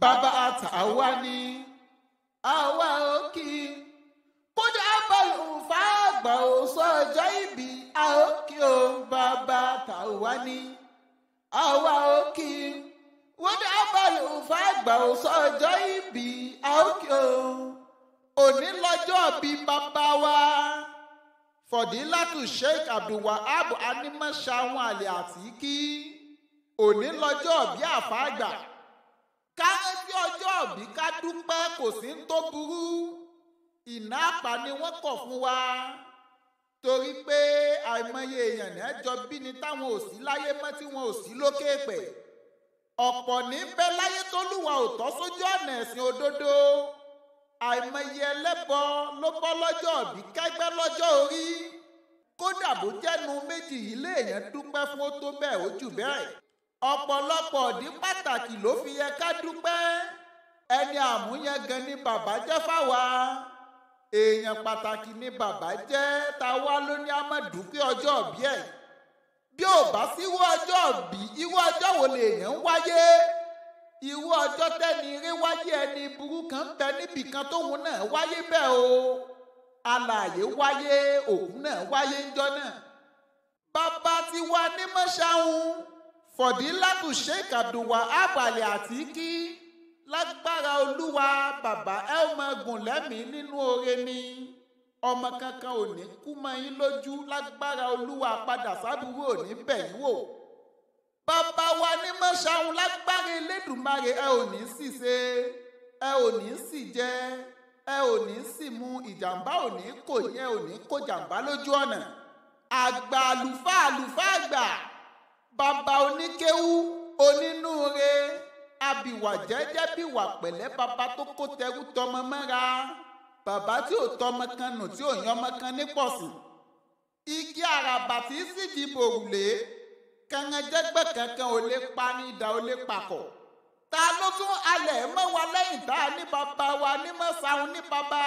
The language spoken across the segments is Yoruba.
bàbá àtàwa ni àwa ò kì í kódà abàlù fà àgbà ò sọjọ́ ìbí a ò kì ó bàbá àtàwa ni àwa ò kì í kódà abàlù fà àgbà ò sọjọ́ ìbí a ò ó òní lọ́jọ́ bí bàbá wa fọ̀dílátù sheikh abdulwahab animasahun àlè àtìkí òní lọ́jọ́ bí àfàgbà ká rántí ọjọ́ òbí ká dúpẹ́ kò sí ń tó burú ìná àpá ni wọ́n kọ̀ fún wa torí pé àìmọye èèyàn náà jọ bí ni táwọn ò sí láyé mọ́ tí wọn ò sí lókè pẹ̀ ọ̀pọ̀ ní bẹ́ láyé tó lùwà ò tọ́ sójú ọ̀nà ẹ̀sìn òdodo àìmọye ẹlẹ́bọ ló bọ́ lọ́jọ́ òbí kẹ́gbẹ́ lọ́jọ́ orí kódà bó jẹ́nu méjì yìí léèyàn dúpẹ́ fún ó tó bẹ́ẹ̀ ó jù bẹ́ẹ̀. Ọpọlọpọ ọ̀dí pàtàkì ló fi yẹ ká dúpẹ́ ẹni àmúyẹn gan ni bàbá jẹ́ fáwa èèyàn pàtàkì ni bàbá jẹ́ ta wá ló ní amọ̀dúpẹ́ ọjọ òbí ẹ̀ bí ò bá sí irú ọjọ́ òbí irú ọjọ́ wo lèèyàn ń wáyé irú ọjọ́ tẹ́ni eré wáyé ẹni burú kan ń bẹ níbì kan tóun náà wáyé bẹ́ẹ̀ o alààyè wáyé òkú náà wáyé ńjọ́ náà bàbá ti wá ní mọ́ṣáhùn. fọ̀dílàbù sheik abdulwahab ali àtìkí lágbára olúwa bàbá ẹ ó máa gùn lẹ́mìí nínú oore ni ọmọ kankan ò ní kú mọ́ yín lójú lágbára olúwa padà sábúrò ò ní bẹ̀ yín wò bàbá wa ní mọ́ṣáun lágbára elédùnmarè ẹ ò ní sì ṣe ẹ ò ní sì jẹ ẹ ò ní sì mu ìjàmbá ò ní kò yẹ ò ní kó jàmbá lójú ọ̀nà àgbà àlùfáà àlùfáà àgbà. Baba oníkéwú onínúure abìwà jẹ́jẹ́ bìwà pẹ̀lẹ́ bàbá tó kó tẹrú tọmọ mọ́ra bàbá tí ò tọmọ kan nù tí ò yan ọmọ kan ní pọ̀sìn igi àràbà tí í sì dìbò òrùlé kàngájẹ́gbẹ́ kankan ò lè pa ní ìdá ò lè pakọ̀ ta ló tún alẹ̀ mọ́ wa lẹ́yìn tá ní bàbá wa ní mọ́sàn-án ní bàbá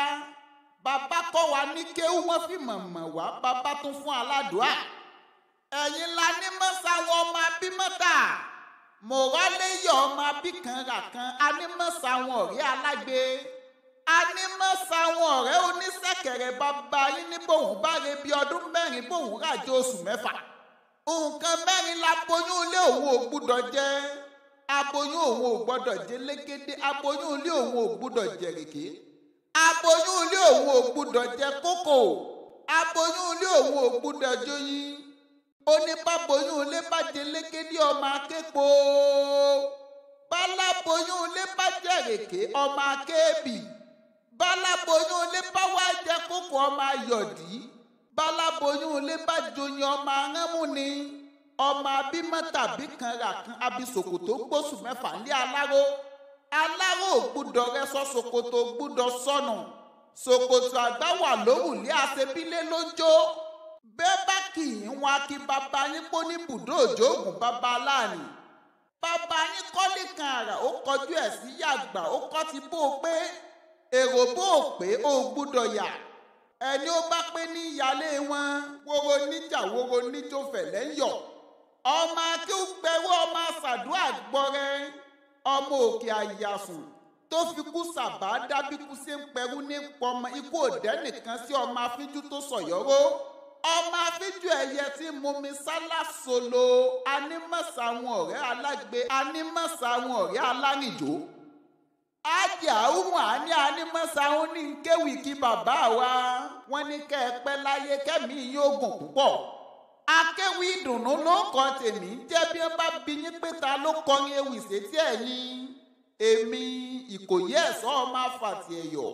bàbá kọ́ wa ní kéwú wọ́n fi mọ̀mọ̀ wá bàbá tún fún aládùá ẹ̀yin la ní mọ́sàn-án mọ̀rálẹ́yọ̀ ọmọ abíkanra kan anímọ̀sáwọn ọ̀rẹ́ alágbe anímọ̀sáwọn ọ̀rẹ́ oníṣẹ̀kẹ̀rẹ̀ bàbá yín ní bòun bá re bí ọdún mẹ́rin bòun ràjò oṣù mẹ́fà nǹkan mẹ́rin la boyún ilé òun ò gbúdọ̀ jẹ aboyún òun ò gbọ́dọ̀ jẹ légede aboyún ilé òun ò gbúdọ̀ jẹ rèké aboyún ilé òun ò gbúdọ̀ jẹ kókò aboyún ilé òun ò gbúdọ̀ jóyin ó ní báboyún ilé bàjẹ́ légédé ọmọ aképo báláboyún ilé bàjẹ́ rèké ọmọ akéèbì báláboyún ilé báwa jẹ kókó ọmọ ayọ̀dí báláboyún ilé bàjọyìn ọmọ aránmú ni ọmọ abímọ tàbí kan rà kan abisòkò tó gbóṣù mẹ́fà ní aláró aláró gbúdọ̀ rẹ sọ ṣòkòtò gbúdọ̀ sọnù ṣòkòtò àgbà wà lówùlé àṣebílé lójó kì í wọn kí bàbá yín pọ́ ní bùdó òjòògùn bàbá aláàní bàbá yín kọ́lé kan àrà ó kọjú ẹ̀ sí yàgbà ó kọ́ ti bó o pé èrò bó o pé o gbúdọ̀ yà ẹni ó bá pé ní ìyálé wọn woro níjà woro níjó fẹ̀lẹ́ ń yọ̀ ọmọ akéwù gbẹwọ́ ọmọ àṣàdúrà gbọ́rẹ́ ọmọ òkè àyàfùn tó fi kú sàbá dábìkú sí ń pẹrú ní pọmọ ikú òdẹ́ nìkan sí ọmọ afínjú tó sọ̀yọ́rọ́. So ọmọ afíjú ẹyẹ tí mumi solo anímọ̀sá àwọn ọ̀rẹ́ alágbe anímọ̀sá àwọn ọ̀rẹ́ alárìnjó ájà ọ̀hún àní anímọ̀sá àwọn ní kéwì kí bàbá wa wọ́n ní kẹ́ ẹ pẹ́ láyé kẹ́mi yóò gùn púpọ̀ akéwì ìdùnnú ló kọ tèmi jẹ́ bí wọ́n bá bí yín pé ta ló kọrin ewì sétí ẹ̀yìn èmi ìkòyí ẹ̀sọ́ ọmọ afàtì ẹ̀yọ̀.